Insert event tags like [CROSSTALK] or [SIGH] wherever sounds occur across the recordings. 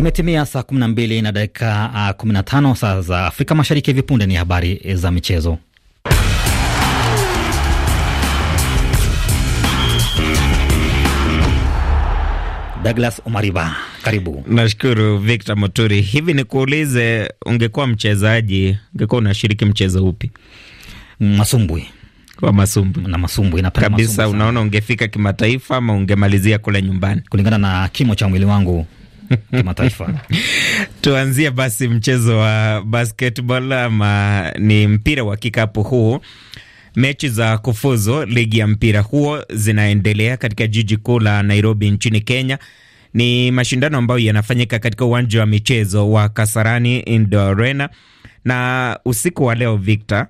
Imetimia saa 12 na dakika 15 ah, saa za Afrika Mashariki. Hivi punde ni habari eh, za michezo. Douglas Omariba, karibu. Nashukuru Victor Moturi. Hivi nikuulize, ungekuwa mchezaji, ungekuwa unashiriki mchezo upi? Masumbwi. Kwa masumbwi na masumbwi na kabisa Unaona, ungefika kimataifa ama ungemalizia kule nyumbani? Kulingana na kimo cha mwili wangu [LAUGHS] kimataifa. Tuanzie basi mchezo wa basketball ama ni mpira wa kikapu huu. Mechi za kufuzu ligi ya mpira huo zinaendelea katika jiji kuu la Nairobi nchini Kenya. Ni mashindano ambayo yanafanyika katika uwanja wa michezo wa Kasarani Indoor Arena, na usiku wa leo Victor,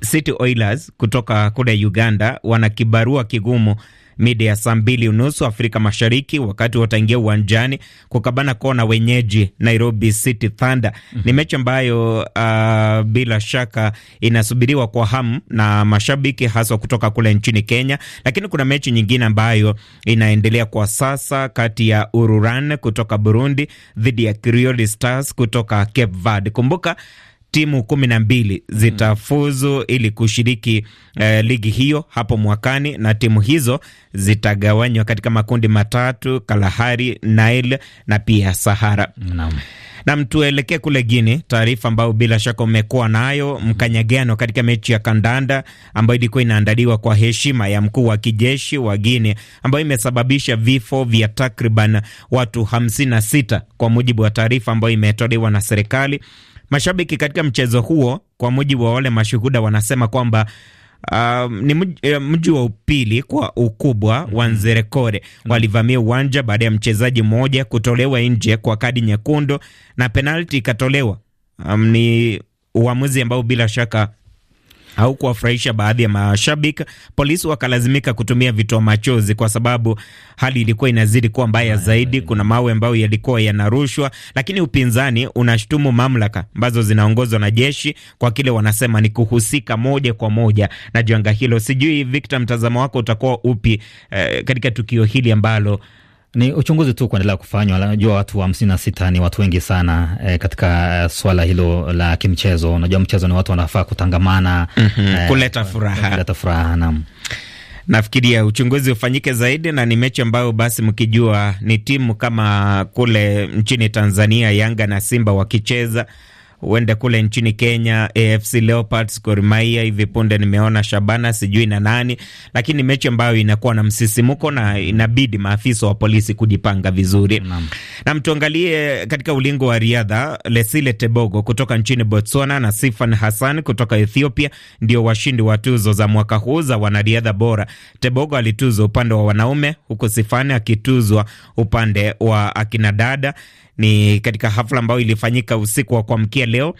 City Oilers kutoka kule Uganda wana kibarua kigumu mida ya saa mbili unusu Afrika Mashariki, wakati wataingia uwanjani kukabana kona wenyeji Nairobi City Thunder. mm -hmm. Ni mechi ambayo uh, bila shaka inasubiriwa kwa hamu na mashabiki haswa kutoka kule nchini Kenya, lakini kuna mechi nyingine ambayo inaendelea kwa sasa kati ya Ururan kutoka Burundi dhidi ya Krioli Stars kutoka Cape Verde. Kumbuka timu kumi na mbili zitafuzu mm. ili kushiriki eh, ligi hiyo hapo mwakani, na timu hizo zitagawanywa katika makundi matatu: Kalahari, Nile na pia Sahara. Naam. Nam, tuelekee kule Guini, taarifa ambayo bila shaka umekuwa nayo, mkanyagano katika mechi ya kandanda ambayo ilikuwa inaandaliwa kwa heshima ya mkuu wa kijeshi wa Guini, ambayo imesababisha vifo vya takriban watu 56 kwa mujibu wa taarifa ambayo imetolewa na serikali. Mashabiki katika mchezo huo, kwa mujibu wa wale mashuhuda, wanasema kwamba Uh, ni eh, mji wa upili kwa ukubwa wa mhm. Nzerekore. Mhm. Walivamia uwanja baada ya mchezaji mmoja kutolewa nje kwa kadi nyekundu na penalti ikatolewa. Um, ni uamuzi ambao bila shaka au kuwafurahisha baadhi ya mashabiki, polisi wakalazimika kutumia vitoa machozi kwa sababu hali ilikuwa inazidi kuwa mbaya zaidi. Kuna mawe ambayo yalikuwa yanarushwa, lakini upinzani unashutumu mamlaka ambazo zinaongozwa na jeshi kwa kile wanasema ni kuhusika moja kwa moja na janga hilo. Sijui Victor, mtazamo wako utakuwa upi eh, katika tukio hili ambalo ni uchunguzi tu kuendelea kufanywa. Najua watu hamsini na sita ni watu wengi sana e, katika eh, swala hilo la kimchezo. Unajua mchezo ni watu wanafaa kutangamana, mm -hmm. e, kuleta furaha, kuleta furaha nam Nafikiria uchunguzi ufanyike zaidi, na ni mechi ambayo basi mkijua ni timu kama kule nchini Tanzania Yanga na Simba wakicheza uende kule nchini Kenya, AFC Leopards, Gor Mahia. Hivi punde nimeona Shabana sijui na nani, lakini mechi ambayo inakuwa na msisimuko na inabidi maafisa wa polisi kujipanga vizuri. Na mtuangalie katika ulingo wa riadha, Lesile Tebogo kutoka nchini Botswana na Sifan Hassan kutoka Ethiopia ndio washindi wa tuzo za mwaka huu za wanariadha bora. Tebogo alituzwa upande wa wanaume huku Sifan akituzwa upande wa akinadada. Ni katika hafla ambayo ilifanyika usiku wa kuamkia leo.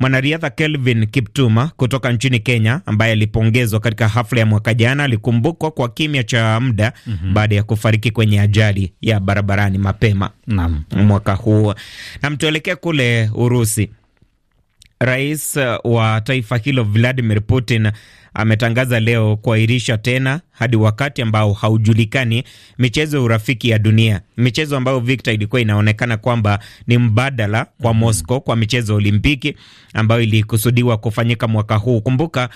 Mwanariadha Kelvin Kiptuma kutoka nchini Kenya, ambaye alipongezwa katika hafla ya mwaka jana, alikumbukwa kwa kimya cha muda mm -hmm. baada ya kufariki kwenye ajali ya barabarani mapema mm -hmm. mwaka huu. Na mtuelekee kule Urusi. Rais uh, wa taifa hilo Vladimir Putin ametangaza leo kuahirisha tena hadi wakati ambao haujulikani michezo ya urafiki ya dunia, michezo ambayo Victor ilikuwa inaonekana kwamba ni mbadala kwa mm-hmm. Moscow kwa michezo ya Olimpiki ambayo ilikusudiwa kufanyika mwaka huu. Kumbuka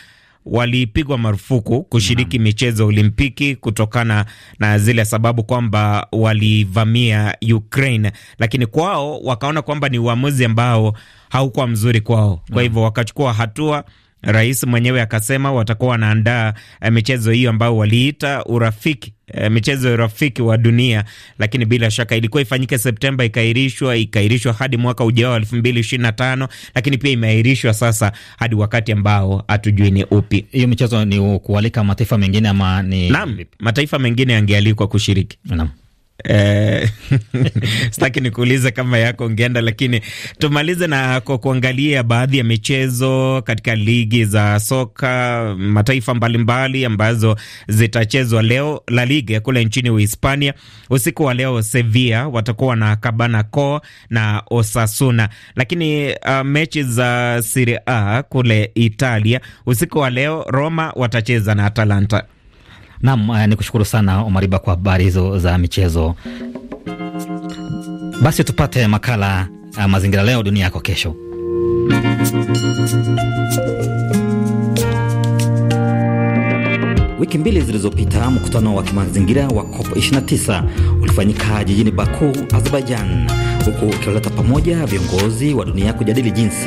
walipigwa marufuku kushiriki mm michezo ya Olimpiki kutokana na zile sababu kwamba walivamia Ukraine, lakini kwao wakaona kwamba ni uamuzi ambao haukuwa mzuri kwao, kwa mm-hmm. hivyo wakachukua hatua Rais mwenyewe akasema watakuwa wanaandaa eh, michezo hiyo ambayo waliita urafiki eh, michezo ya urafiki wa dunia, lakini bila shaka ilikuwa ifanyike Septemba, ikairishwa, ikairishwa hadi mwaka ujao elfu mbili ishirini na tano, lakini pia imeairishwa sasa hadi wakati ambao hatujui ni upi. Hiyo michezo ni kualika mataifa mengine ama ni... Naam, mataifa mengine yangealikwa kushiriki. Naam. Eh, staki [LAUGHS] sitaki nikuulize kama yako ngenda, lakini tumalize na kwa kuangalia baadhi ya michezo katika ligi za soka mataifa mbalimbali ambazo zitachezwa leo. La Liga kule nchini Uhispania usiku wa leo, Sevilla watakuwa na kabana co na Osasuna, lakini uh, mechi za Serie A kule Italia usiku wa leo, Roma watacheza na Atalanta. Naam, eh, ni kushukuru sana Omariba kwa habari hizo za michezo. Basi tupate makala eh, Mazingira Leo, Dunia Yako Kesho. Wiki mbili zilizopita mkutano wa kimazingira wa COP29 ulifanyika jijini Baku, Azerbaijan, huku ukiwaleta pamoja viongozi wa dunia kujadili jinsi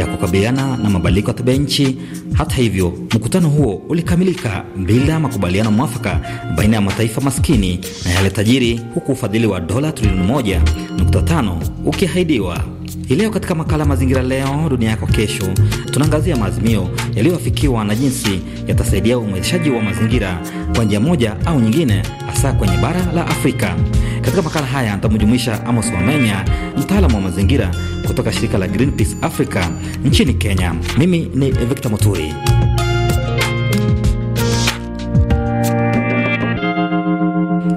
ya kukabiliana na mabadiliko ya tabia nchi. Hata hivyo, mkutano huo ulikamilika bila makubaliano mwafaka baina ya mataifa maskini na yale tajiri, huku ufadhili wa dola trilioni 1.5 ukiahidiwa. Hii leo katika makala Mazingira Leo Dunia Yako Kesho, tunaangazia maazimio yaliyoafikiwa na jinsi yatasaidia umwezeshaji wa mazingira kwa njia moja au nyingine, hasa kwenye bara la Afrika. Katika makala haya nitamjumuisha Amos Wamenya, mtaalamu wa mazingira kutoka shirika la Greenpeace Africa nchini Kenya. Mimi ni Victor Moturi.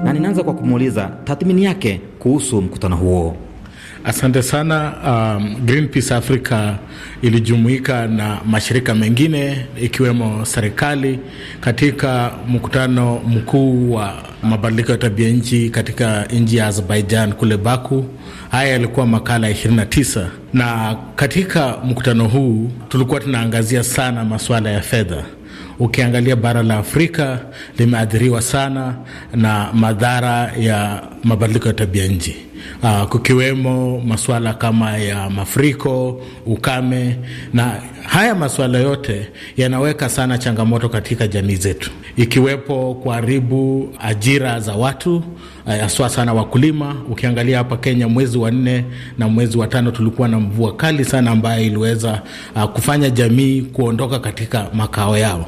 Na ninaanza kwa kumuuliza tathmini yake kuhusu mkutano huo. Asante sana. Um, Greenpeace Africa ilijumuika na mashirika mengine ikiwemo serikali katika mkutano mkuu wa mabadiliko ya tabia nchi katika nchi ya Azerbaijan kule Baku. Haya yalikuwa makala ya 29 na katika mkutano huu tulikuwa tunaangazia sana masuala ya fedha. Ukiangalia bara la Afrika limeathiriwa sana na madhara ya mabadiliko ya tabia nchi uh, kukiwemo masuala kama ya mafuriko, ukame, na haya masuala yote yanaweka sana changamoto katika jamii zetu, ikiwepo kuharibu ajira za watu eh, haswa uh, sana wakulima. Ukiangalia hapa Kenya, mwezi wa nne na mwezi wa tano tulikuwa na mvua kali sana ambayo iliweza uh, kufanya jamii kuondoka katika makao yao,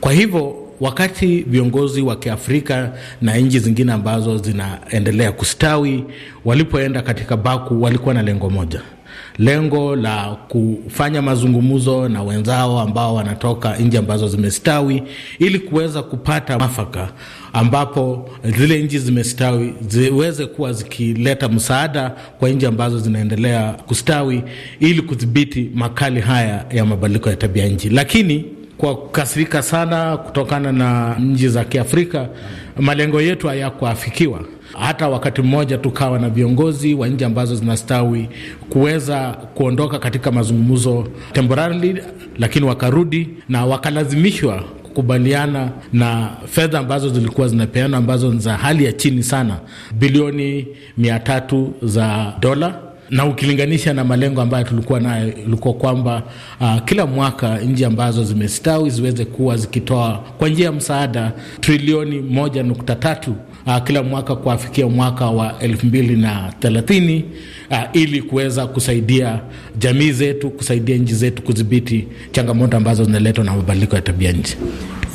kwa hivyo wakati viongozi wa Kiafrika na nchi zingine ambazo zinaendelea kustawi walipoenda katika Baku walikuwa na lengo moja, lengo la kufanya mazungumzo na wenzao ambao wanatoka nchi ambazo zimestawi ili kuweza kupata mafaka ambapo zile nchi zimestawi ziweze kuwa zikileta msaada kwa nchi ambazo zinaendelea kustawi ili kudhibiti makali haya ya mabadiliko ya tabia nchi, lakini kwa kukasirika sana kutokana na nchi za Kiafrika, malengo yetu hayakuafikiwa. Hata wakati mmoja tukawa na viongozi wa nchi ambazo zinastawi kuweza kuondoka katika mazungumzo temporarily, lakini wakarudi na wakalazimishwa kukubaliana na fedha ambazo zilikuwa zinapeana ambazo ni za hali ya chini sana, bilioni mia tatu za dola na ukilinganisha na malengo ambayo tulikuwa nayo ilikuwa kwamba uh, kila mwaka nchi ambazo zimestawi ziweze kuwa zikitoa kwa njia ya msaada trilioni moja nukta tatu uh, kila mwaka kuafikia mwaka wa elfu mbili na thelathini uh, ili kuweza kusaidia jamii zetu, kusaidia nchi zetu kudhibiti changamoto ambazo zinaletwa na mabadiliko ya tabia nchi.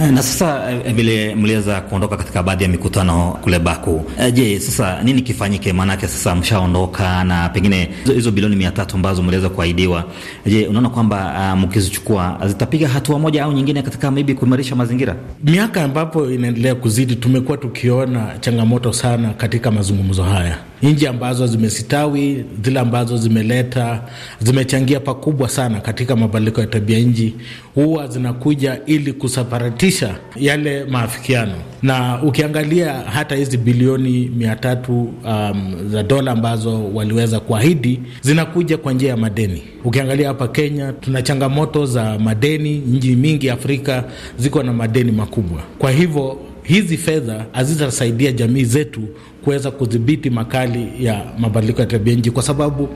Eh, na sasa vile eh, mliweza kuondoka katika baadhi ya mikutano kule Baku, eh, je, sasa nini kifanyike? Maanake sasa mshaondoka na pengine hizo bilioni mia tatu ambazo mliweza kuahidiwa, je, unaona kwamba uh, mkizichukua zitapiga hatua moja au nyingine katika maybe kuimarisha mazingira? Miaka ambapo inaendelea kuzidi, tumekuwa tukiona changamoto sana katika mazungumzo haya nchi ambazo zimesitawi, zile ambazo zimeleta zimechangia pakubwa sana katika mabadiliko ya tabia nchi huwa zinakuja ili kusaparatisha yale maafikiano, na ukiangalia hata hizi bilioni mia tatu um, za dola ambazo waliweza kuahidi zinakuja kwa njia ya madeni. Ukiangalia hapa Kenya tuna changamoto za madeni, nchi mingi Afrika ziko na madeni makubwa, kwa hivyo hizi fedha hazitasaidia jamii zetu kuweza kudhibiti makali ya mabadiliko ya tabia nchi, kwa sababu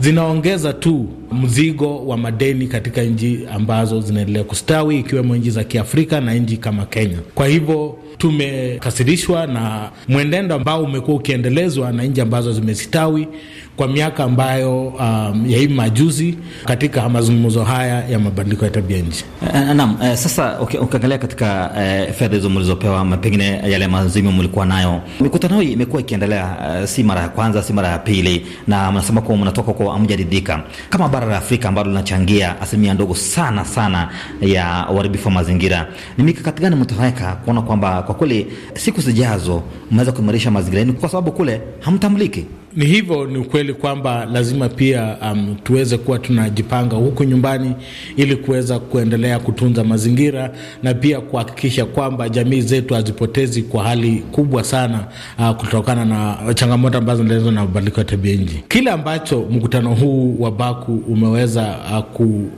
zinaongeza tu mzigo wa madeni katika nchi ambazo zinaendelea kustawi ikiwemo nchi za Kiafrika na nchi kama Kenya. Kwa hivyo tumekasirishwa na mwenendo ambao umekuwa ukiendelezwa na nchi ambazo zimesitawi kwa miaka ambayo um, ya hivi majuzi katika mazungumzo haya ya mabadiliko ya tabia nchi. Eh, naam, eh, sasa ukiangalia katika eh, fedha hizo mlizopewa, pengine yale maazimio mlikuwa nayo, mikutano hii imekuwa ikiendelea, uh, si mara ya kwanza, si mara ya pili, na mnasema kuwa mnatoka kwa leo hamjaridhika, kama bara la Afrika ambalo linachangia asilimia ndogo sana sana ya uharibifu wa mazingira. Ni mikakati gani mtaweka kuona kwamba kwa kweli siku zijazo mnaweza kuimarisha mazingira yenu, kwa sababu kule hamtambuliki? Ni hivyo, ni ukweli kwamba lazima pia um, tuweze kuwa tunajipanga huku nyumbani ili kuweza kuendelea kutunza mazingira na pia kuhakikisha kwamba jamii zetu hazipotezi kwa hali kubwa sana uh, kutokana na changamoto ambazo zinaletwa na mabadiliko ya tabia nchi. Kile ambacho mkutano huu wa Baku umeweza uh,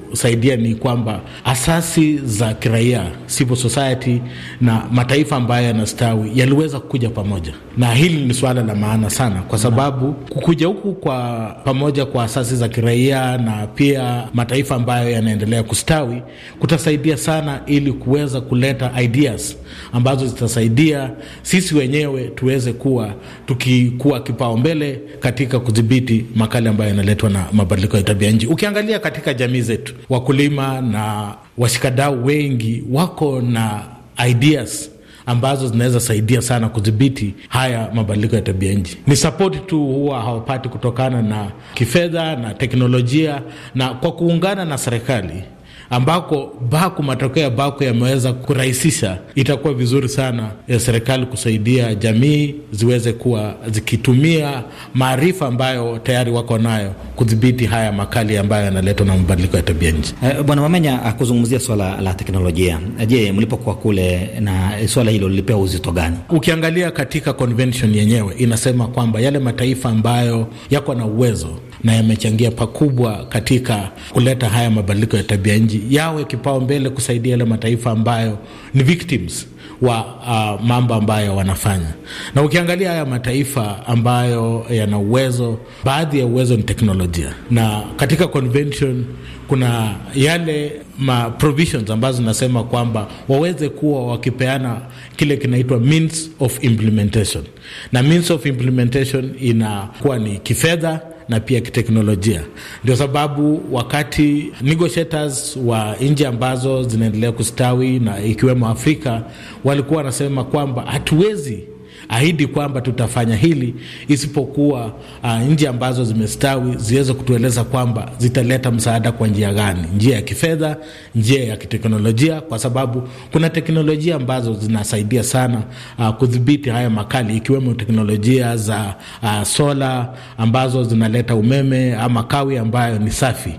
kusaidia ni kwamba asasi za kiraia, civil society na mataifa ambayo yanastawi yaliweza kuja pamoja, na hili ni suala la maana sana kwa sababu sababu kukuja huku kwa pamoja kwa asasi za kiraia na pia mataifa ambayo yanaendelea kustawi kutasaidia sana, ili kuweza kuleta ideas ambazo zitasaidia sisi wenyewe tuweze kuwa tukikuwa kipaumbele katika kudhibiti makali ambayo yanaletwa na mabadiliko ya tabia nchi. Ukiangalia katika jamii zetu, wakulima na washikadau wengi wako na ideas ambazo zinaweza saidia sana kudhibiti haya mabadiliko ya tabia nchi. Ni sapoti tu huwa hawapati kutokana na kifedha na teknolojia, na kwa kuungana na serikali ambako Baku, matokeo ya Baku yameweza kurahisisha, itakuwa vizuri sana ya serikali kusaidia jamii ziweze kuwa zikitumia maarifa ambayo tayari wako nayo kudhibiti haya makali ambayo yanaletwa na mabadiliko ya tabia nchi. Eh, Bwana Mamenya akuzungumzia swala la teknolojia. Je, mlipokuwa kule na swala hilo lilipewa uzito gani? Ukiangalia katika convention yenyewe inasema kwamba yale mataifa ambayo yako na uwezo na yamechangia pakubwa katika kuleta haya mabadiliko ya tabia nchi yawe kipaumbele kusaidia yale mataifa ambayo ni victims wa uh, mambo ambayo wanafanya. Na ukiangalia haya mataifa ambayo yana uwezo, baadhi ya uwezo ni teknolojia, na katika convention kuna yale ma provisions ambazo zinasema kwamba waweze kuwa wakipeana kile kinaitwa means of implementation, na means of implementation inakuwa ni kifedha na pia kiteknolojia. Ndio sababu wakati negotiators wa nchi ambazo zinaendelea kustawi na ikiwemo Afrika walikuwa wanasema kwamba hatuwezi ahidi kwamba tutafanya hili, isipokuwa uh, nchi ambazo zimestawi ziweze kutueleza kwamba zitaleta msaada kwa njia gani, njia ya kifedha, njia ya kiteknolojia, kwa sababu kuna teknolojia ambazo zinasaidia sana uh, kudhibiti haya makali, ikiwemo teknolojia za uh, sola ambazo zinaleta umeme ama kawi ambayo ni safi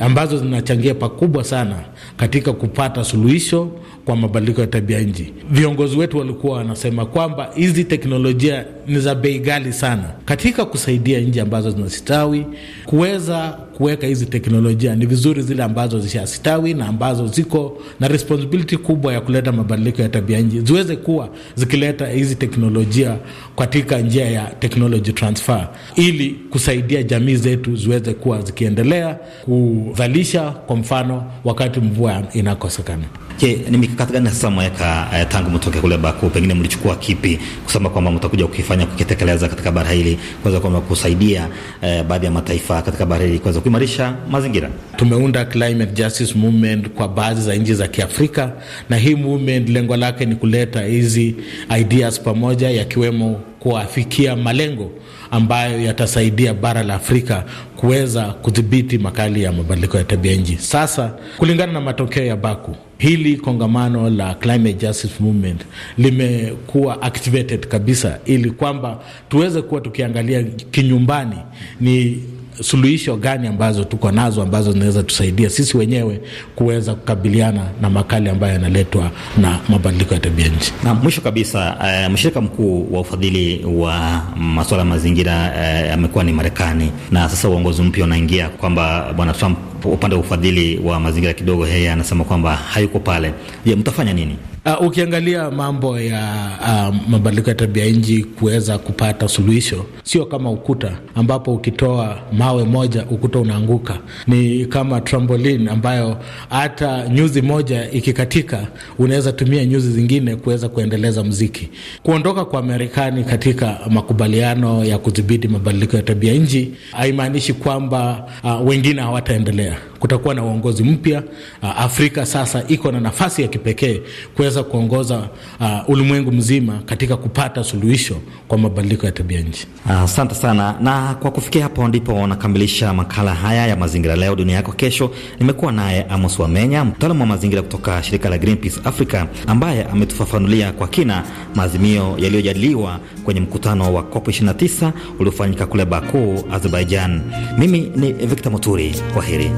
ambazo zinachangia pakubwa sana katika kupata suluhisho kwa mabadiliko ya tabia nchi. Viongozi wetu walikuwa wanasema kwamba hizi teknolojia ni za bei ghali sana. Katika kusaidia nchi ambazo zinasitawi kuweza kuweka hizi teknolojia, ni vizuri zile ambazo zishastawi na ambazo ziko na responsibility kubwa ya kuleta mabadiliko ya tabia nchi ziweze kuwa zikileta hizi teknolojia katika njia ya technology transfer, ili kusaidia jamii zetu ziweze kuwa zikiendelea kuzalisha, kwa mfano wakati mvua inakosekana. Je, ni mikakati gani hasa mweka eh, tangu mtoke kule Baku, pengine mlichukua kipi kusema kwamba mtakuja kukifanya kukitekeleza katika bara hili, kwanza kwamba kusaidia eh, baadhi ya mataifa katika bara hili kuweza kuimarisha mazingira? Tumeunda Climate Justice Movement kwa baadhi za nchi za Kiafrika, na hii movement lengo lake ni kuleta hizi ideas pamoja, yakiwemo kuafikia malengo ambayo yatasaidia bara la Afrika kuweza kudhibiti makali ya mabadiliko ya tabia nchi. Sasa, kulingana na matokeo ya Baku, hili kongamano la Climate Justice Movement limekuwa activated kabisa, ili kwamba tuweze kuwa tukiangalia kinyumbani ni suluhisho gani ambazo tuko nazo ambazo zinaweza tusaidia sisi wenyewe kuweza kukabiliana na makali ambayo yanaletwa na mabadiliko ya tabia nchi. Na mwisho kabisa, uh, mshirika mkuu wa ufadhili wa masuala ya mazingira uh, amekuwa ni Marekani, na sasa uongozi mpya unaingia kwamba bwana Trump upande wa ufadhili wa mazingira kidogo, yeye anasema kwamba hayuko pale. Je, mtafanya nini? Uh, ukiangalia mambo ya uh, mabadiliko ya tabia nchi kuweza kupata suluhisho, sio kama ukuta ambapo ukitoa mawe moja ukuta unaanguka. Ni kama trampoline ambayo hata nyuzi moja ikikatika unaweza tumia nyuzi zingine kuweza kuendeleza mziki. Kuondoka kwa Marekani katika makubaliano ya kudhibiti mabadiliko ya tabia nchi haimaanishi kwamba uh, wengine hawataendelea. Kutakuwa na uongozi mpya. Uh, Afrika sasa iko na nafasi ya kipekee kuweza kuweza kuongoza uh, ulimwengu mzima katika kupata suluhisho kwa mabadiliko ya tabia nchi. Asante uh, sana. Na kwa kufikia hapo ndipo nakamilisha makala haya ya mazingira leo dunia yako kesho. Nimekuwa naye Amos Wamenya, mtaalamu wa mazingira kutoka shirika la Greenpeace Africa, ambaye ametufafanulia kwa kina maazimio yaliyojadiliwa kwenye mkutano wa COP 29 uliofanyika kule Baku, Azerbaijan. Mimi ni Victor Muturi, heri.